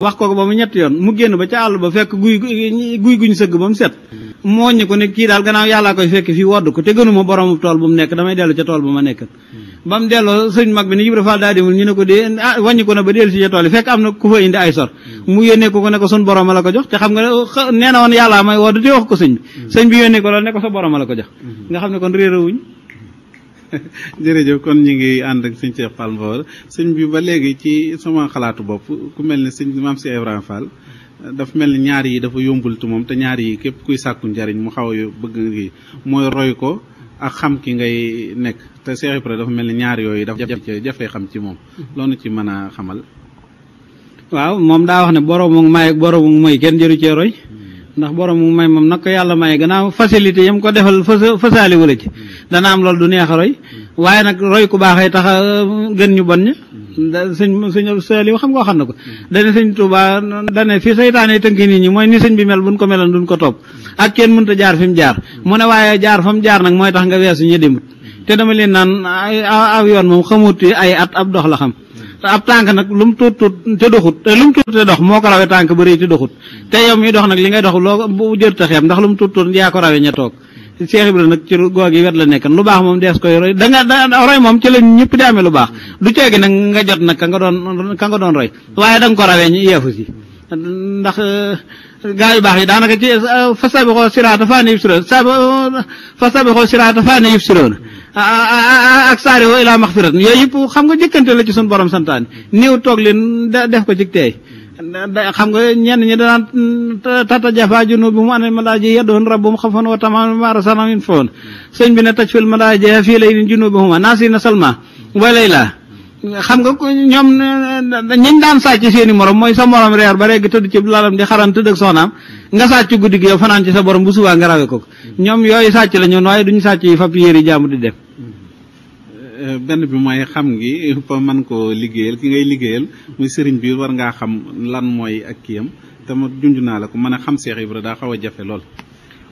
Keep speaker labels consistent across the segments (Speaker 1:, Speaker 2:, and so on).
Speaker 1: wax ko ko ba mu ñetti yoon mu génn ba ca àll ba fekk guy guy guñ sëgg ba mu set moo ñu ne kii daal gannaaw yàllaa koy fekk fii wodd ko te gënuma boroomu tool bu mu nekk damay dellu ca tool bu ma nekk ba mu delloo mag bi ne Ibra Fall daa demul ñu ne ko dee ah wàññi ko na ba dellu si ca tool yi fekk am na ku fa indi ay sor mu yónnee ko ko ne ko sun la ko jox te xam nga ne nee na woon yàllaa may wodd te wax ko sëñ bi mm. sëñ bi yónnee ko loolu ne ko sa borooma la jërëjëf kon ñu
Speaker 2: ngi ànd ak sëñ Cheikh Fall Mbaor sëñ bi ba léegi ci sama xalaatu bopp ku mel ni sëñ maam si Ibrahima Fall dafa mel ni ñaar yi dafa yombul tu moom te ñaar yi képp kuy sàkku njariñ mu xaw a bëgg ki mooy roy ko ak xam ki ngay nekk te Cheikh Ibrahima dafa mel ni ñaar yooyu dafa jafe xam ci moom loolu ci mën a xamal
Speaker 1: waaw moom daa wax ne boroomu may boroomu mooy kenn jëru cee roy ndax borom mu may moom nag ko yàlla maye gannaaw facilité yam ko defal fasaali wala ci dana am loolu du neex a roy waaye nag roy ku baaxee tax uh, gën ñu bon ña sëñ sëñ Saaliw xam nga waxoon na ko dane sëñ Tuubaa dane fi seytaane tënk nit ñi mooy ni sëñ bi mel buñ ko meloon duñ ko topp ak kenn mënta jaar fi mu jaar mu ne waaye jaar fa mu jaar nag mooy tax nga weesu ñu demut te dama leen naan aw yoon moom xamut ay at ab dox la xam te ab tànk nag lu mu tuut tuut te doxut te lu mu te dox moo ko rawee tànk ba rëy te doxut hmm. te yow mi dox nag li ngay dox loo bu jër ndax lu mu tuut tuut yaa ko rawee ña toog Cheikh nag ci goog yi wet la nekk lu baax moom dees koy roy moom ci la ñëpp di amee lu baax du ceegi nag nga jot nag ka nga doon ka nga doon roy waaye da nga ko rawee ñu yeefu si ndax eh, gaa yu baax yi daanaka ci eh, fa sabixoo siraata fa ne yëf siroona fa sabixoo siraata faa ne yëf siroona Ah, ah, ah, ak saari woo ilaa maxfirat yooyu yëpp xam nga jëkkante la ci suñu borom santaan néew toog leen def ko ci tey xam nga ñenn ñi danaan mm, tata jafa junub bi mu anel malaaji yaddoon rabbum xafan wa tamaan maara sanamin foon sëñ bi ne taj fil malaaji fii lay junub bi huma naasi na salma walay laa xam nga ñoom ñiñ daan sàcc seeni morom mooy sa morom reer ba reg tudd ci lalam di xaram tudd ak sonaam nga sàcc guddi gi fanaan ci sa borom bu subaa nga rawe ko ñoom yooyu sàcc la ñoon waaye duñu sàcc yi fab yéeri jaamu di dem
Speaker 2: euh, benn bi mooy xam gi fa man ko liggéeyal ki ngay liggéeyal muy sëriñ bi war ngaa xam lan
Speaker 1: mooy ak kiyam te junj naa la ko mën a xam cheikh ibra daa xaw a jafe lool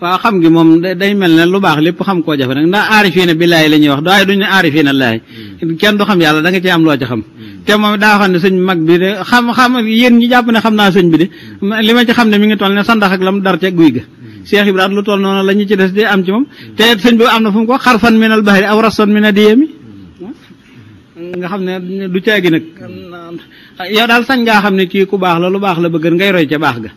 Speaker 1: waaw xam ngi moom day mel ne lu baax lépp xam koo jafe nag ndax aarifiina billaahi la ñuy wax waaye duñ ne aarifiina laay hmm. kenn du xam yàlla danga nga ci am loo ci xam hmm. te moom daa xam ne sëñ mag bi xam xam yéen ñi jàpp ne xam naa sëñ bi de hmm. li ma ci xam ne mi ngi toll ne sandax ak lam dar ca guy ga Cheikh Ibrahima lu toll noonu la ñu ci des di am ci moom te sëñ bi am na fu mu ko xarfan minal bahri aw rason mina diyami nga xam ne du caagi nag yow daal sañ ngaa xam ne kii ku baax la lu baax la bëgg ngay roy ca baax ga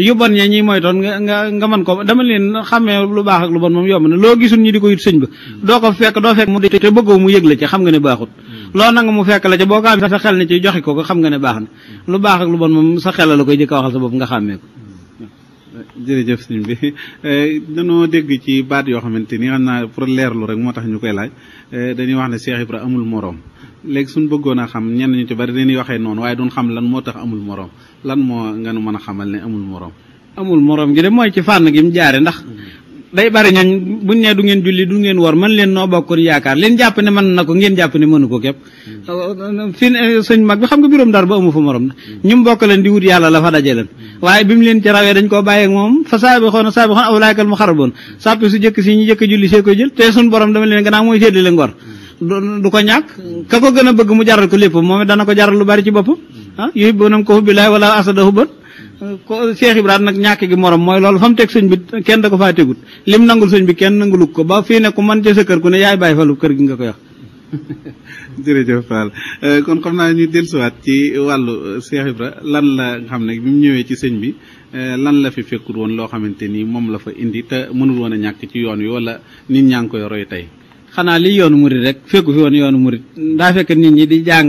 Speaker 1: yu bon ya ñuy moytoon nga nga nga mën ko dama leen xàmmee lu baax ak lu bon moom yomb na loo gisul ñi di ko yit sëñ ba mm. doo ko fekk doo fekk mu de te bëggoo mu yëg la ci xam nga ne baaxut mm. loolu nanga mu fekk la ca boo ko ci joxe ko ko xam nga ne baax na mm. lu baax ak lu bon moom sa xel a waxal sa bopp nga xàmmee ko jërëjëf sëñ bi eh, danoo
Speaker 2: dégg ci baat yoo xamante ni xam naa pour leerlu rek moo tax ñu koy laaj eh, dañuy wax ne Cheikh Ibra amul moroom léegi suñ bëggoon a xam ñenn ñu ci bari dañuy waxee noonu waaye duñ xam lan moo tax amul moroom lan
Speaker 1: moo nga nu mën a xamal ne amul moroom amul moroom gi de mooy ci fànn gi mu jaare ndax day bari ñañ buñ ne du ngeen julli du ngeen war man leen noo bokkoon yaakaar leen jàpp ne mën na ko ngeen jàpp ne mënu ko képp fi eh, sëñ mag bi xam nga biróom dar ba amu fa morom na ñu mu bokk leen di wut yàlla la fa daje leen waaye bi mu leen ci rawee dañ koo bàyyeeg moom fa saabi xoon saabi xoon awlaakal mu xaraboon sàppi su jëkk si ñu jëkk julli see koy jël te suñ borom dama leen gannaaw mooy séddale ngor du ko bëgg mu jaral ko lépp moom dana ko jaral lu bari ci boppam ah yuhibbuunahum ka hubbillaahi wa laa asadahum ban ko Cheikh Ibrahima nag ñàkk gi moroom mooy loolu fa mu teg sëñ bi kenn da ko faa tegut lim nangul sëñ bi kenn nangulu ko ba fii ne ku man ca sa kër ku ne yaay bàyyi falu kër gi nga koy wax.
Speaker 2: Euh, kon xam naa ñu dellusiwaat ci wàllu euh, Cheikh Ibra lan la xam ne bi mu ñëwee ci sëñ bi euh, lan la fi fekkul woon loo xamante ni moom la fa indi te mënul woon
Speaker 1: a ñàkk ci yoon wi wala nit ñaa ngi koy roy tey. xanaa li yoonu murit rek fekku fi woon yoonu murit daa fekk nit ñi di jàng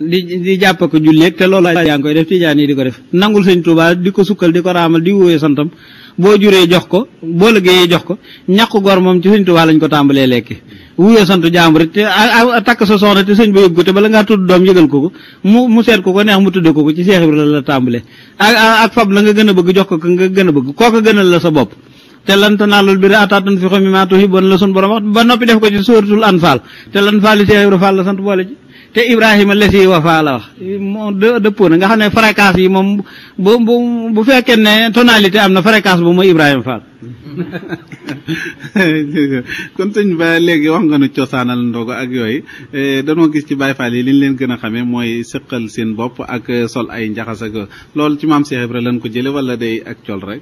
Speaker 1: di di jàpp ko julleeg te loolu a ngi koy def tijaan yi di ko def nangul sëñ Tuubaa di ko sukkal di ko raamal di wóoyee santam boo juree jox ko boo liggéeyee jox ko ñàkk gor moom ci sëñ Tuubaa lañ ko tàmbalee lekki wuyoo sant jàmbur te takk sa ba yóbbu ko te bala ngaa ak fab la nga gën a bëgg jox ko ko nga gën a bëgg kooka gënal la sa bopp te lan tanaalul birra hattaa tunfiqu mimmaa tuhibbuuna la sun borom wax ba noppi def ko ci suuratul Anfaal te Anfaal yi Seex Faal la te Ibrahima la si wafa wa wax moo dëppoo na nga xam ne fréquence yi moom bu bu bu fekkee ne tonalité am na fréquence bu mooy Ibrahima Fall.
Speaker 2: kon sëñ ba léegi wax nga nu cosaanal ndogo ak yooyu eh, danoo gis ci Baye Fall yi li ñu leen gën a xamee mooy sëqal seen bopp ak sol ay njaxas ak loolu ci maam Cheikh Ibrahima lañ ko jëlee wala day ak col rek.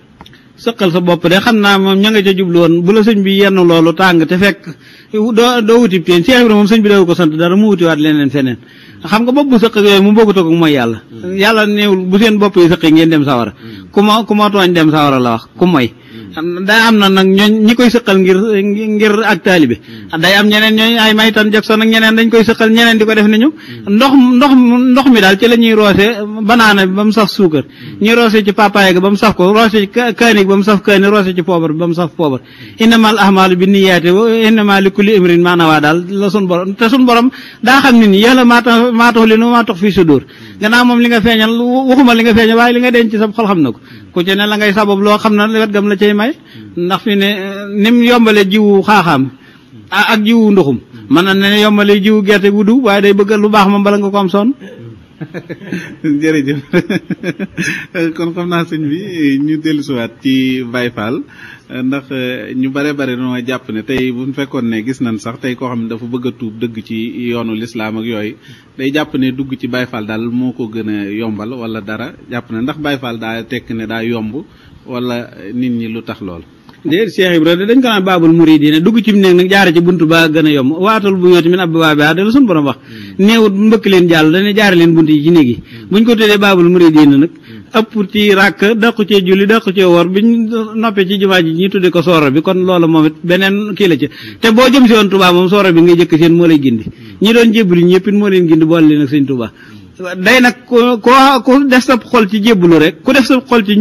Speaker 1: sëqal sa bopp de xam naa moom ña nga ca jublu woon bu la sëñ bi yenn loolu tàng te fekk. do wuti pen cheikh ibrahim mom señ bi daw ko sant dara mu wuti wat leneen feneen xam nga bobu sekk yoy mu bokku tok moy yalla yalla neewul bu seen bop yi sekk ngeen dem sawara kuma kuma toñ dem sawara la wax ku moy da am na nak ñi koy sekkal ngir ngir ak talibi hmm. day am ñeneen ñoy ay maytan jackson ak ñeneen dañ koy sekkal ñeneen diko def nañu ndox hmm. ndox ndox mi dal ci lañuy rosé banana bam sax suukar ñi hmm. rosé ci papaye ya ga bam sax ko rosé ci kaani bam sax kaani rosé ci pobar bam sax pobar innamal a'malu binniyati wa innamal kulli imrin maanawaa daal la sun borom te sun borom daa xam ne nii yàlla maa tax maa tax li nu maa tax fii sudur gannaaw moom li nga feeñal waxuma li nga feeñal waaye li nga denc sa xol xam na ko ku ci ne la ngay sabab loo xam na wet gam la cay may ndax fi ne nim yombale jiwu xaaxaam ak jiwu ndoxum mën na ne yombale jiwu gerte bu du waaye day bëgg lu baax moom bala nga ko am sonn
Speaker 2: jërëjëf kon xam naa sëñ bi ñu dellusiwaat ci Baye Fall ndax ñu bare bare noo jàpp ne tey bu fekkoon ne gis nañ sax tey koo xam ne dafa bëgg a tuub dëgg ci yoonu lislaam ak yooyu day jàpp ne dugg ci Baye Fall daal moo ko gën a yombal wala dara jàpp ne
Speaker 1: ndax Baye daa tekk ne daa yomb
Speaker 2: wala nit ñi lu tax lool.
Speaker 1: déet Cheikh Ibra dañ ko naan baabul muridina dugg ci mu nekk nag jaare ci buntu ba gën a yomb waatul bu yooti min ab baa bi dala suñu borom wax hmm. neewut mbëkk leen jàll dañu jaare leen bunt yi ci néeg yi hmm. buñ ko tuddee baabul muridina nag hmm. ëpp ci ràkk dàqu cee julli dàqu cee woor biñ noppee ci jumaa ji ñu tudde ko soora bi kon loolu moom it beneen kii la ci te boo jëm si woon Touba moom soora bi ngay jëkk seen moo lay gindi ñi doon jébbali ñu yëpp moo leen sa xol ci jébbalu rek ku def sa xol ci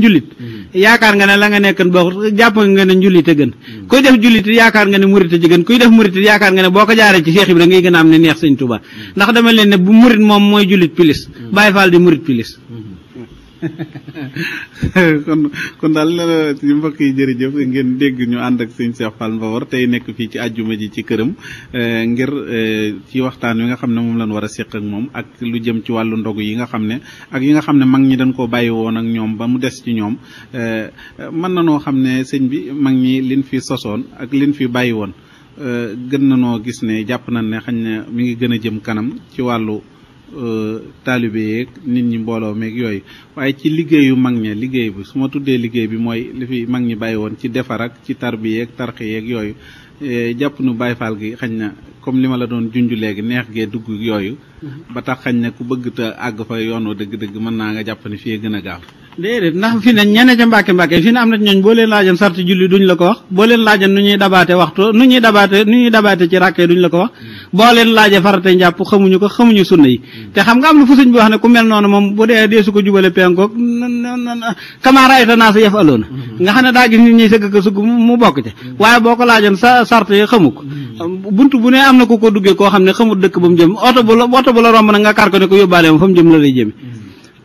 Speaker 1: yaakaar nga ne la nga nekkoon bokkut jàpp nga ne njullite gën kuy def njullite yaakaar nga ne murite ji gën kuy def murite yaakaar nga ne boo ko jaaree ci Cheikh Ibra ngay gën a am ne neex sëñ Tuubaa ndax dama bu murit moom mooy jullit pilis Baay Faal di murit pilis kon
Speaker 2: kon daal ñu mbokk yi jërëjëf ngeen dégg ñu ànd ak sëñ Cheikh Fall Mbawar tey nekk fii ci àjjuma ji ci këram eh, ngir eh, ci waxtaan wi nga xam ne moom lañ war a séq ak moom ak lu jëm ci wàllu ndogu yi nga xam ne ak yi nga xam ne mag ñi dañ koo bàyyi woon ak ñoom ba mu des ci ñoom eh, mën na noo xam ne sëñ bi mag ñi liñ fi sosoon ak liñ fi bàyyi woon gën na noo gis ne jàpp nañ ne xañ na mi ngi gën a jëm kanam ci wàllu Euh, taalibe yeeg nit ñi mbooloo meeg yooyu waaye ci liggéeyu mag ña liggéey bi su ma tuddee liggéey bi mooy li fi mag ñi bàyyi woon ci defar ak ci tarbi yeeg tarxi yeeg yooyu eh, jàpp nu Baay Faal gi xañ na comme li ma la doon junj léegi neex gee dugg yooyu mm-hmm. ba tax xañ na ku bëgg te àgg fa yoon wa dëgg-dëgg mën naa nga jàpp ne fii gën a gaaw
Speaker 1: déedéet ndax fi ne ñene ca mbàkke mbàkke fi ne am na ñooñ boo leen laajoon sarti julli duñ la ko wax boo leen laajoon nu ñuy dabaate waxtu nu ñuy dabaate nu ñuy dabaate ci ràkkee duñ la ko wax boo leen laaje farate njàpp xamuñu ko xamuñu sunna yi te xam nga am na fu bi wax ne ku mel noonu moom bu dee dee su ko jubale penkoog kamaa naa sa yaf aloona nga xam ne daa gis nit ñi sëgg ko sugg mu bokk ca waaye boo ko laajoon sa sart yi xamu ko bunt bu ne am na ku ko duggee koo xam ne xamul dëkk ba la oto bu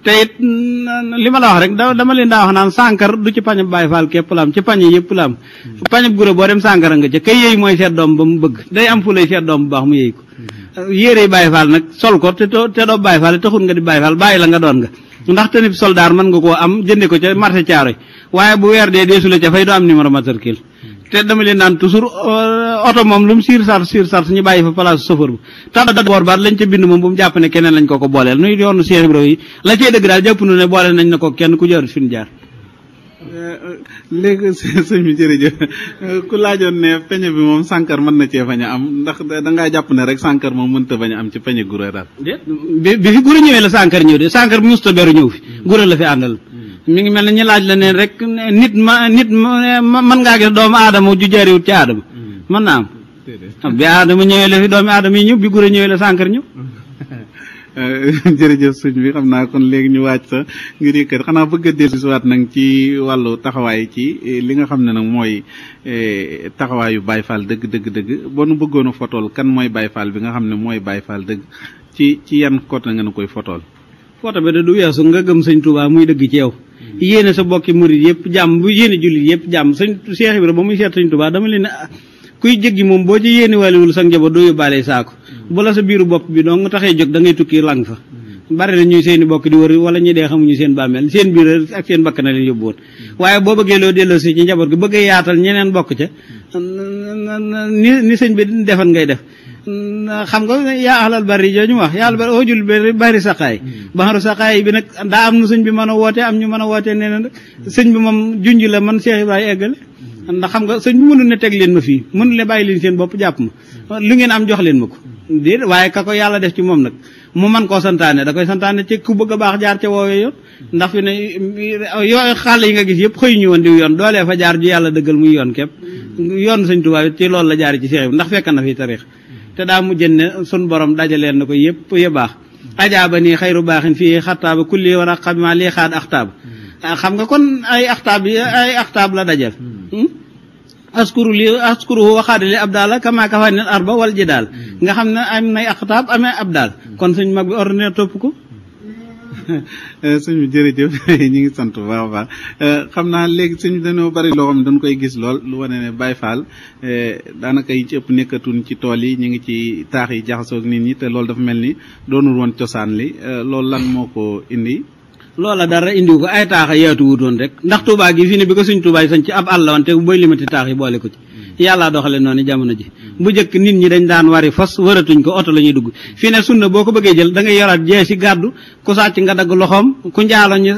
Speaker 1: tey it li ma la wax rek da dama leen daa wax naan sànkar du ci pañab Baay Faal képp la am ci pañe yëpp la am hmm. pañab gura boo dem sànkara nga ca kay yëy mooy seet doom ba mu bëgg day am fu lay doom bu baax mu yëy ko hmm. yére Baay Faal nag sol ko te te doo Baay Faal taxul nga di Baay Faal bàyyi la nga doon nga hmm. ndax tenib soldaar mën nga koo am jënde ko ca marché Caaroy waaye bu weer dee deesu la ca fay doo am numéro matricule te dama leen naan toujours euh, oto moom lu mu siir sar siir sar ñu bàyyi fa place chauffeur bu tada da boor baat lañ ca bind moom bu mu jàpp ne keneen lañ ko ko booleel nuy yoonu Cheikh ibrahim yi la cey dëgg daal jàpp nu ne booleel nañ na ko kenn ku jaar fi euh, jaar
Speaker 2: léegi sëñ bi jërëjëf euh, ku laajoon ne peñe bi moom sànkar mën na cee bañ a am ndax da ngaa jàpp ne rek sànkar moom mënta bañ a am
Speaker 1: ci peñe gura daal bi fi gura ñëwee la sànkar ñëw de sànkar bi musta beru ñëw fi hmm. la fi àndal hmm. mi ngi mel ne ñu laaj la ne rek nit ma nit ma man ngaa gis doomu aadama ju jariwut ci aadama mm. mën naa am ah, bi aadama ñëwee la fi doomu aadama yi ñëw bi gura ñëwee la sànkar ñëw eh, jërëjëf suñ bi xam naa kon léegi ñu waaj sa ngir yëkkat
Speaker 2: xanaa bëgg a dellu si waat nag ci wàllu taxawaay ci eh, li nga xam ne nag mooy eh, taxawaayu Baye Fall dëgg dëgg dëgg ba nu bëggoon a fotool kan mooy Baye Fall bi nga xam ne mooy Baye Fall dëgg ci ci yan côté nga nu
Speaker 1: koy fotool foo tamit du weesu nga gëm sëñ Touba muy dëgg ci yow mm. yéene sa bokki murit yëpp jàmm bu yéene jullit yëpp jàmm sëñ Cheikh Ibra ba muy seet sëñ Touba dama leen ne ah, kuy jéggi moom boo sa njaboot doo yóbbaale saako mm. bu la sa bi doo nga taxee jóg da ngay tukki lang fa mm. bari na ñuy seeni bokk di wër wala ñu dee xamuñu seen bàmmeel seen biir ak seen bakk na leen yóbbu woon waaye boo bëggee loo delloo si ci njaboot gi bëgg yaatal ñeneen bokk ca ni ni sëñ bi defan ngay def xam nga yaa ahlal barri jooju mu wax yaa ahlal barri oojul barri bari saqaay hmm. baxaru saqaay bi nag daa am nu sëñ bi man a woote am ñu mën a wootee nee na sëñ bi moom junj la man Cheikh Ibrahima eggale hmm. ndax xam nga sëñ bi mënul ne teg leen ma fii mënul ne bàyyi leen seen bopp jàpp ma hmm. lu ngeen am jox leen ma ko déedéet waaye ka ko yàlla def ci moom nag mu man koo santaane da koy santaane ci ku bëgg a baax jaar ca woowee yoon ndax fi ne yoo xàll yi nga gis yëpp xëy ñu woon diw yoon doolee fa jaar ju yàlla muy yoon képp yoon sëñ Tuubaa ci loolu la jaar ci Cheikh bi ndax fekk na fi te daa mujj ne sun borom dajaleel na ko yëpp ya baax ajaaba nii xayru baaxin fii xattaaba kulli war a xamma lii xaat axtaab ah, xam nga kon ay axtaab ay axtaab la dajal hmm? askuru li askuru waxaadali ab daal la kama kafaanil arba wal jidaal nga xam ne am nay axtaab amee ab daal kon suñ mag bi ordinaire topp ko Eh, suñu jërëjëf
Speaker 2: ñu ngi sant bu baax eh, xam naa léegi suñu dañoo bari loo xam dañ koy gis lool lu wane ne Baye Fall eh, daanaka yi ci ëpp ci tool yi ñu ngi ci taax yi jaxasoo ak nit ñi te loolu
Speaker 1: dafa mel ni doonul woon cosaan li loolu lan moo ko indi. loola dara indiwu ko ay taax yaatu wutoon rek ndax Touba gi fi ne bi ko suñ Touba yi sañ ci ab àll woon te bu bay limati taax yi boole ko ci. yàllaa doxale noonu jamono ji bu njëkk nit ñi dañ daan war wari fas waratuñ ko oto la ñuy dugg fii ne sunna boo ko bëggee jël dangay ngay yoraat jee si gàddu ku sàcc nga dagg loxoom ku njaalo ñu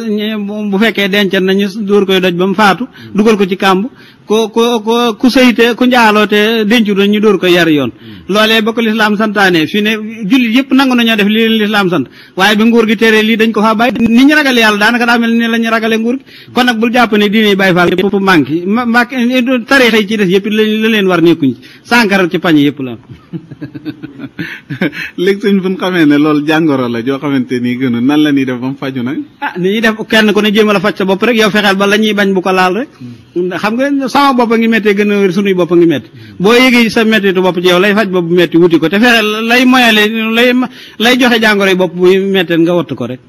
Speaker 1: bu fekkee dencal nañu dóor koy doj ba mu faatu dugal ko ci kàmb ku ko ko ku seyte ku njaalote denchu do ñu door ko yar yoon mm. lolé ba l'islam santane fi ne julli yep nangu nañu def li sant waye bi nguur gi téré li dañ ko fa bay ni ñi ragal yalla danaka da melni ni ragalé ñu nguur mm. kon nak bul japp ne diiné bay faal yep manki mak tarixa yi ci des yep la leen war nekkuñ sànkar ci pañ yep la lek suñ fuñ xamé ne lol jangoro la jo xamanteni gënu nan la ni def bam faju nak ah ni def kenn ko ne jëmala a bop rek yow fexeel ba lañuy bañ bu ko laal rek mm. xam nga sama bopp a ngi méttee gën a wér sunuy bopp a ngi métti boo yëgee sa méttitu bopp ci yow lay faj bopp métti wuti ko te fexe lay moyale lay joxe jàngoro yi bopp buy méttee nga wattu ko rek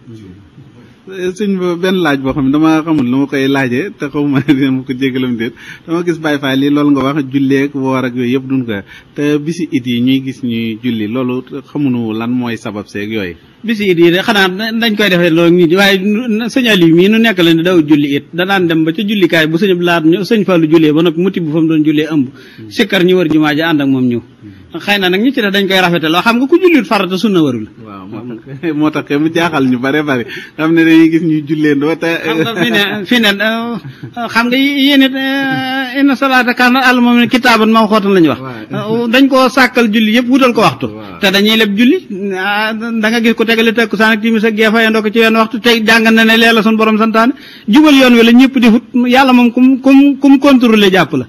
Speaker 1: eh, sëñ ba benn laaj
Speaker 2: boo xam ne damaa xamul lu ma koy laajee te xaw ma dama ko jégalam déet dama gis Baye Fall lii loolu nga wax julleek woor ak yooyu yëpp duñ ko te bisi it yi ñuy gis ñuy julli loolu xamuñu
Speaker 1: lan mooy sabab seeg yooyu bisi yi di xana nañ koy defé lo nit way sëñ ali mi nu nek la ni daw julli it nan dem ba julli kay bu sëñ laat ñu sëñ fallu julle ba nak muti bu fam mu doon jullee ëmb hmm. kar ñu wër juma ji and ak mom ñu hmm. xëy nak ñu ci dañ koy lo xam nga ku jullit farata sunna warul
Speaker 2: waaw mo tax mu jaxal ñu bare bare xam ne dañuy gis ñu julle ndo ta
Speaker 1: fi ne fi ne euh, xam nga yéen euh, inna salata kana al kitaban ma mawquutan lañ wax euh, dañ ko sakal julli yëpp wutal ko waxtu te dañuy leb julli da nga gis ko tegale takkusaan ak timis ak gee fayandoo ko ci wenn waxtu tey jàng na ne lee sun borom santaane jubal yoon wi la ñëpp di fut yàlla moom kum kum kum jàpp la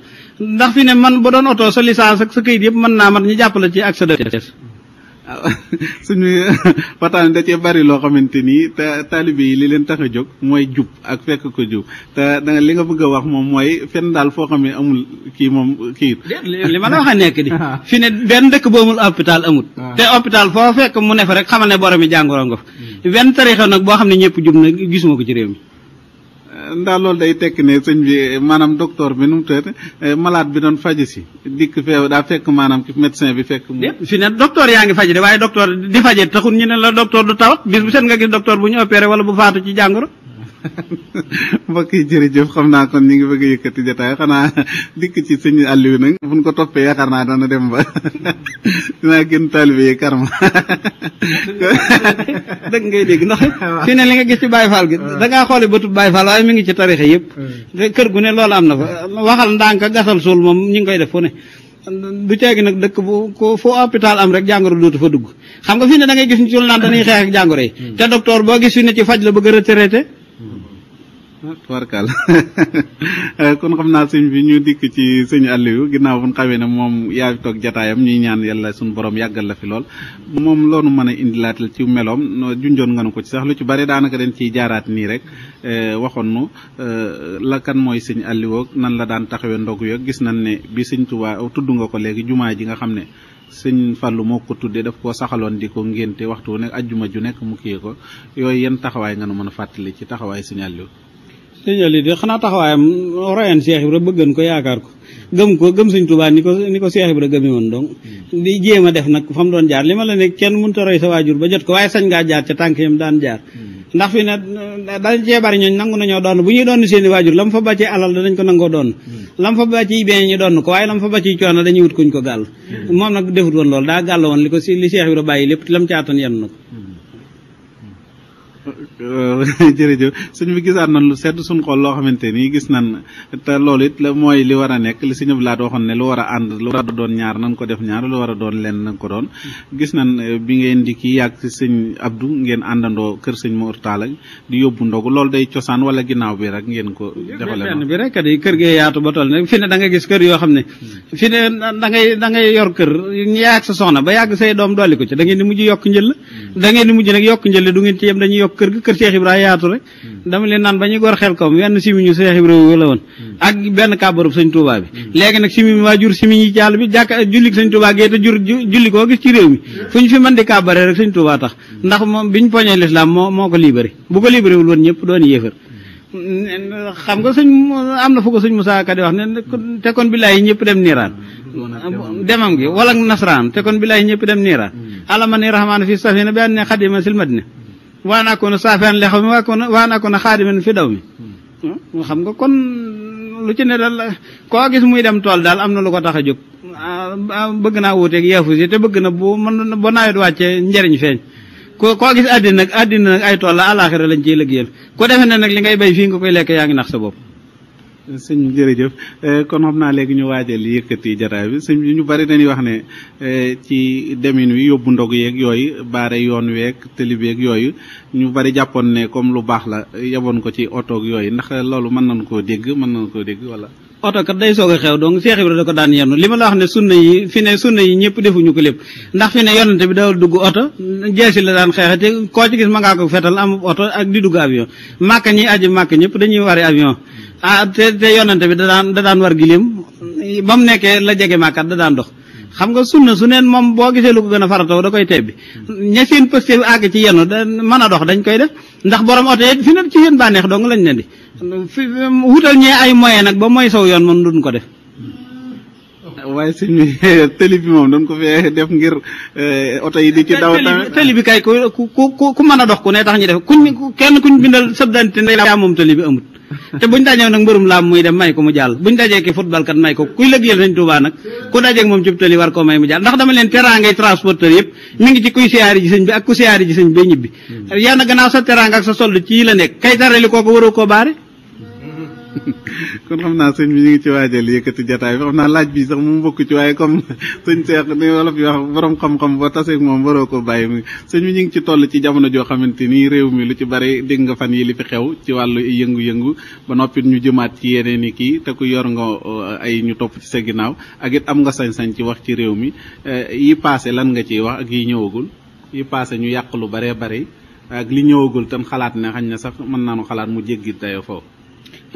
Speaker 1: ndax fi ne man ba doon oto sa licence ak sa kayit yëpp mën naa mat ñu jàpp la ci ak sa
Speaker 2: suñu waxtaan da cee bari loo xamante ni te taalibe yi li leen tax a jóg mooy jub ak fekk ko jub te da li nga bëgg a wax moom mooy fenn daal foo xam ne amul kii moom
Speaker 1: kii. li ma la wax a nekk di. Ah. fi ne benn dëkk bu amul hôpital amul. Ah. te hôpital foo fekk mu ne fa rek xamal ne boromi jàngoro nga fa. benn hmm. tarixa nag boo xam ne ñëpp jub na gisuma ko ci réew mi.
Speaker 2: ndax loolu day tekk ne sëñ bi maanaam docteur bi nu mu tëdd eh, bi doon faj si dikk feew daa fekk maanaam ki médecin bi fekk.
Speaker 1: fi ne docteur yaa ngi faji de waaye docteur di faje taxul ñu ne la docteur du tawat bis bu set nga gis docteur bu ñu opéré wala bu faatu ci jàngoro.
Speaker 2: mbokk yi jërëjëf xam naa kon ñu ngi bëgg a yëkkati jotaay xanaa dikk ci suñu Aliou nag buñ ko toppee yaakaar naa dana dem ba dinaa gën taalibe yi karma
Speaker 1: dëgg ngay dégg ndax ci ne li nga gis ci Baye Fall gi da ngaa xoole bëtub Baye Fall waaye mi ngi ci tarixe yëpp hmm. kër gu ne loolu am na fa waxal ndànk gasal suul moom ñu ngi koy def fu ne du ceegi nag dëkk bu ko foo hôpital am rek jàngoro dootu fa dugg xam nga fi ne da ngay gis ñu ci naan dañuy xeex ak jàngoro yi hmm. te docteur boo gis fi ne ci faj la bëgg a retraité
Speaker 2: Ah, tubarkaal eh, kon xam naa sëñ bi ñu dikk ci sëñ Aliou ginnaaw bu ñu xamee ne moom yaa toog jataayam ñuy ñaan yàlla suñu boroom yàggal la fi lool moom loonu mën a indilaatal ci meloom junjoon nga nu ko ci sax lu ci bari daanaka den ciy jaaraat nii rek eh, waxoon nu eh, la kan mooy sëñ Aliou nan la daan taxawee ndog yo gis nañ ne bi sëñ Tuubaa tudd nga ko léegi jumaa ji nga xam ne sëñ Fallou moo ko tuddee daf koo saxaloon di ko ngénte waxtu wu nekk ajjuma ju nekk mu kii ko yooyu yan taxawaay nga nu mën a fàttali ci taxawaay sëñ Aliou
Speaker 1: sëñ Aliou de xanaa taxawaayam royan Cheikh Ibra bëggan ko yaakaar ko gëm ko gëm sëñ Tuubaa ni ko ni ko Cheikh Ibra gëmee woon donc hmm. di jéem a def nag fa doon jaar li ma la ne kenn mënut a roy sa waajur ba jot ko waaye sañ ngaa jaar ca tànk yam daan jaar hmm. ndax fi ne dañ cee bari ñooñ nangu nañoo doon bu ñuy doon seeni waajur lam fa bàccee alal danañ ko nangoo doon hmm. lam fa bàccee yi benn doon ko waaye lam fa bàccee coono dañuy wut kuñ ko gàll hmm. moom nag defut woon lool daa gàll woon li ko si li Cheikh Ibra bàyyi lépp lam caatan yenn ko hmm.
Speaker 2: jërëjëf suñ bi gisaat nan lu sedd suñ xol loo xamante ni gis nan te loolu it la mooy li war a nekk li suñu laat waxoon ne lu war a ànd lu war a doon ñaar nan ko def ñaar lu war a doon lenn nan ko doon hmm. gis nan eh, bi ngeen di kii yàgg si sëñ abdu ngeen àndandoo kër sëñ Mor Talla di yóbbu ndogu loolu day cosaan wala
Speaker 1: ginnaaw bi rek ngeen ko defale lenn bi rek di kër gee yaatu ba toll ne fi ne da nga gis kër yoo xam ne hmm. fi ne da ngay da ngay yor kër yaag sa soxna ba yàgg say doom dolli ko ci da ngeen di mujj yokk njël hmm. da ngeen di mujj nag yokk njël du ngeen ci yem dañuy yokk kër ga kër Cheikh Ibrahima yaatu rek dama leen naan ba ñuy gor xel kawam wenn simi ñu Cheikh Ibrahima la woon ak benn kàbbarub sëñ Touba bi léegi nag simi waajur simi ñi jàll bi jàkk jullik sëñ Touba gee te jur julli koo gis ci réew mi fu ñu fi mën di kàbbare rek sëñ Touba tax ndax moom biñ poñee l'islam moo moo ko libéré bu ko libéré wul woon ñëpp doon yéefar xam nga señ amna na fu ko Moussa Ka di wax ne te kon billahi ñepp dem niiraan demam gi wala nasran te kon billahi ñepp dem niiraan alamani rahman fi safina bi khadima xadima madina waa waan akuna saafeen li xaw mi waakuna waan akuna xaadimen fi daw mi hmm? xam nga kon lu ci ne daal koo gis muy dem tool daal am na lu ko tax a jóg ah, ah, bëgg naa wuuteeg yaafus yi te bëgg na bu mën ba nawet wàccee njariñ feeñ ko koo gis àddina nag àddina nag ay tool la àlaaxira lañ ciy liggéeyal ku defe ne nag li ngay bay fii nga koy lekk yaa ngi nax sa bopp
Speaker 2: sëñ jërëjëf eh, kon xam naa léegi ñu waajal yëkkati jataay bi sëñ bi ñu bari dañuy wax ne eh, ci demin wi yóbbu ndog yeeg yooyu baare yoon weeg tëli beeg yooyu ñu bari jàppoon ne comme lu baax la yeboon ko ci otoog
Speaker 1: yooyu ndax loolu mën nañ koo dégg mën nañ koo dégg wala oto kat day soog a xew donc Cheikh Ibrahima da ko daan yenn li ma la wax ne sunna yi fi ne sunna yi ñëpp defuñu ko lépp ndax fi ne yonante bi dawal dugg oto jeesi la daan xeexe te koo ci gis ma ngaa ko fetal oto ak di dugg avion màkk ñi aji màkk ñëpp dañuy wari avion ah te te yonante bi da daan da daan war giléem ba mu nekkee la jege màkkat da daan dox xam nga sunna su neen moom boo gisee lu ko gën a farataw da koy tebbi ña seen pëste bi àgg ci yenu da mën a dox dañ koy def ndax borom oto yi fi ne ci lañ leen di fi wutal ñee ay moyen nag ba mooy saw yoon moom duñ ko def
Speaker 2: waaye sëñ dañ ko def ngir eh, oto yi di ci daw
Speaker 1: tëli bi kay ku ku ku mën a dox ku ne tax ñu def kuñ kenn kuñ bindal sëb dante amut te buñ dajew nag mbërum laam muy dem may ko mu jàll buñ dajee ki football may ko kuy lëggeel Sëñ Tuubaa nag ku dajeeg moom cib tëli war koo may mu jàll ndax dama leen teraangay transporteur yëpp mi ngi ci kuy siyaari ji sëñ bi ak ku siyaari ji sëñ bi ñibbi hmm. yaa gannaaw sa teraanga ak sa sold ci la nekk kay tarali kooku waroo koo baare
Speaker 2: kon xam naa sëñ bi ñu ngi ci waajal yëkkati jataay bi xam naa laaj bi sax mu bokk ci waaye comme sëñ Seex ni wolof yi wax borom xam-xam ba taseeg moom waroo ko bàyyi mu sëñ bi ñu ngi ci toll ci jamono joo xamante nii réew mi lu ci bari dégg nga fan yi li fi xew ci wàllu yëngu-yëngu ba noppi ñu jëmaat ci yeneen i kii te ku yor nga uh, ay ñu topp ci sa ginnaaw ak it am nga sañ-sañ ci wax ci réew mi uh, yi paase lan nga ciy wax ak yi ñëwagul yi paase ñu yàq lu baree bari ak li ñëwagul tam xalaat ne xañ na sax mën naanu xalaat mu jéggi dayo
Speaker 1: foofu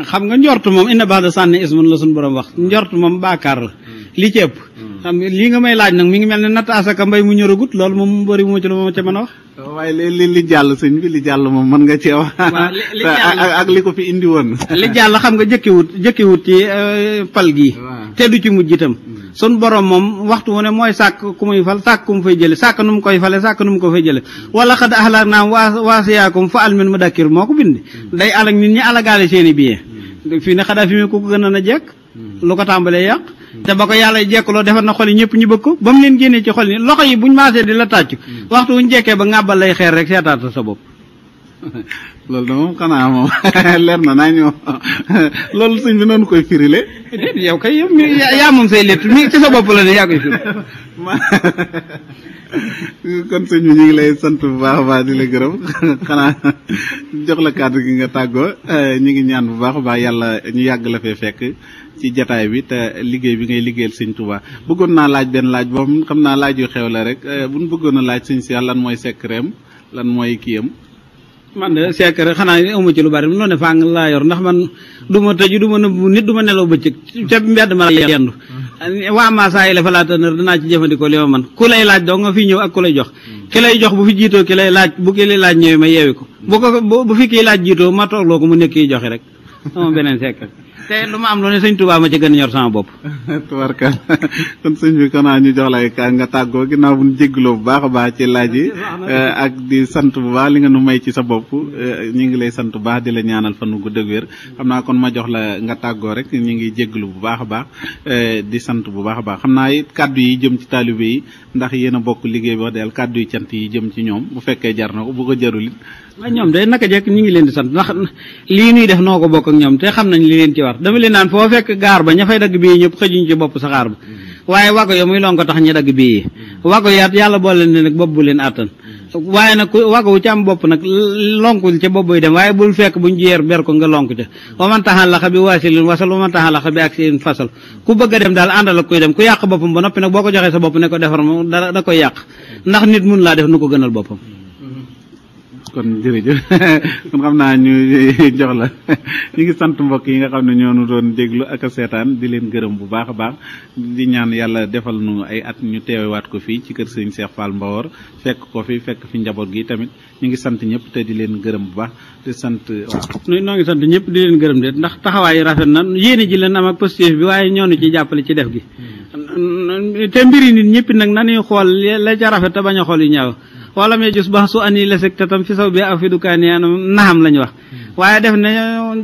Speaker 1: xam nga njort moom inna ba'da zanni ismun la suñu borom wax njort moom baakaar la hmm. li ci ëpp hmm. xam nga lii nga may laaj nag mi ngi mel ne natt asaka mbay mu ñoragut loolu moom bëri mu ci lu ma ca mën a wax waaye li li jàll sëñ bi li jàll moom nga cee wax ak li ko fi indi woon li jàll xam nga jëkkiwut jëkkiwut ci euh, pal gii te du ci mujj itam hmm. sun borom moom waxtu wu ne mooy sàkk ku muy fal sàkk ku mu fay jële sàkk nu mu koy fale sàkk nu mu ko fay jële wala xad ahlak naam waa waasiyaakum fa almin mu dakkir moo ko bind day alag nit fii ne xadafi mi ku ko gën a jekk lu ko tàmbalee yàq te ba ko yàlla jekk jekkuloo defar na xol yi ñëpp ñu bëgg ko ba mu leen génnee ci xol yi loxo yi bu maasee di la tàccu waxtu wuñ jekkee ba ngàbbal lay xeer rek seetaata sa bopp loolu da moom xanaa moom leer
Speaker 2: na naa ñoo loolu sëñ bi noonu koy firile
Speaker 1: yow kay yow
Speaker 2: yaa moom say létt
Speaker 1: mi ci sa bopp la ne yaa koy firi.
Speaker 2: kon sëñ bi ñu ngi lay sant bu baax baa baax di la gërëm xanaa jox la kàddu gi nga tàggoo euh, ñu ngi ñaan bu baax a baax yàlla ñu yàgg la fee fekk ci jataay bi te liggéey bi ngay liggéeyal sëñ Touba bëggoon naa laaj benn laaj boo xam naa laaj yu xew la rek euh, bu ñu bëggoon a laaj sëñ si yàlla lan mooy
Speaker 1: secret am lan mooy kii am man de secret xanaa ni amu ci lu bari mu noonu fàng laa yor ndax man du ma tëju du ma nëbbu nit du ma nelaw bëccëg ca mbedd ma la yendu waa maasaa yi la fa laa danaa ci jëfandikoo li man ku lay laaj doo nga fi ñëw ak ku lay jox ki lay jox bu fi jiitoo ki lay laaj bu ki lay laaj ñëwee ma yeewi ko bu ko bu fi kii laaj jiitoo ma toogloo ko mu nekk yi joxe rek amoon beneen secret te lu ma am lu ne sëñ Touba ma ci gën a ñor sama bopp. tubarka
Speaker 2: kon sëñ bi xanaa ñu jox lay ka nga tàggoo ginnaaw bu ñu jégloo bu baax a baax ci laaj yi eh, ak di sant bu baax li nga nu may ci sa bopp eh, ñu ngi lay sant bu baax di la ñaanal fan wu gudd wér xam naa kon ma jox la nga tàggoo rek ñu ngi jéglu bu baax a baax eh, di sant bu baax a baax xam naa it kàddu yi jëm ci taalibe yi ndax yéen a bokk liggéey bi wax del kàddu yi cant yi jëm ci
Speaker 1: ñoom bu fekkee jar na ko bu ko jarul it waaye ñoom day naka jekk ñu ngi leen di sant ndax lii nuy def noo ko bokk ak ñoom te xam nañ li leen ci war dama leen naan foo fekk gaar ba ña fay dagg bii ñëpp xëjuñ ci bopp saxaar ba mm-hmm. waaye wago yo muy lonko tax ñi dagg bii mm-hmm. wago yaat yàlla boole ne nag bopp bu leen àttan mm-hmm. waaye nag wago wu ci am bopp nag lonkul ca bopp dem waaye bul fekk buñ jeer ber ko nga lonk ca waman taxan laxa bi waasilin wasal waman taxan laxa bi ak seen fasal ku bëgg a dem daal àndal ak kuy dem ku yàq boppam ba noppi nag boo ko joxee sa bopp ne ko defar moom da koy yàq ndax nit mun laa def nu ko gënal boppam kon jërëjëf
Speaker 2: kon xam naa ñu jox la ñu ngi sant mbokk yi nga xam ne ñoo nu doon déglu ak seetaan di leen gërëm bu baax a baax di ñaan yàlla defal nu ay at ñu teewewaat ko fii ci kër sëñ Cheikh Fall Mbawor fekk ko fi fekk
Speaker 1: fi njaboot gi tamit ñu ngi sant ñëpp te di leen gërëm
Speaker 2: bu baax te sant
Speaker 1: waaw noo ngi sant ñëpp di leen gërëm de ndax taxawaay rafet na yéene ji leen am ak positif bi waaye ñoo ñu ci jàppale ci def gi hmm. te mbiri nit ñëpp nag nañuy xool la ca rafet te bañ a walam yajus su ani sek tatam fi saw bi afidu kaniyan naam lañ wax waye def na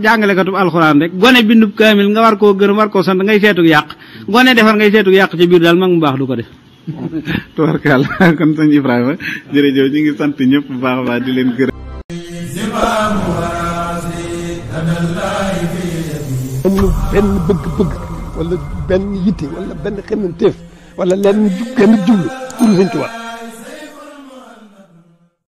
Speaker 1: jangale katub alquran rek gone bindub kamil nga war ko geur war ko sant ngay fetuk yàq gone defal ngay fetuk yàq ci bir dal mag mu baax du ko def
Speaker 2: tubarkal kon sëñ ibrahima jere jërëjëf ñi ngi sant ñëpp bu baax baax di leen geur
Speaker 1: ben benn bëgg-bëgg wala ben yitté wala benn xemmanteef wala lenn benn jublu pour sëñ tubaab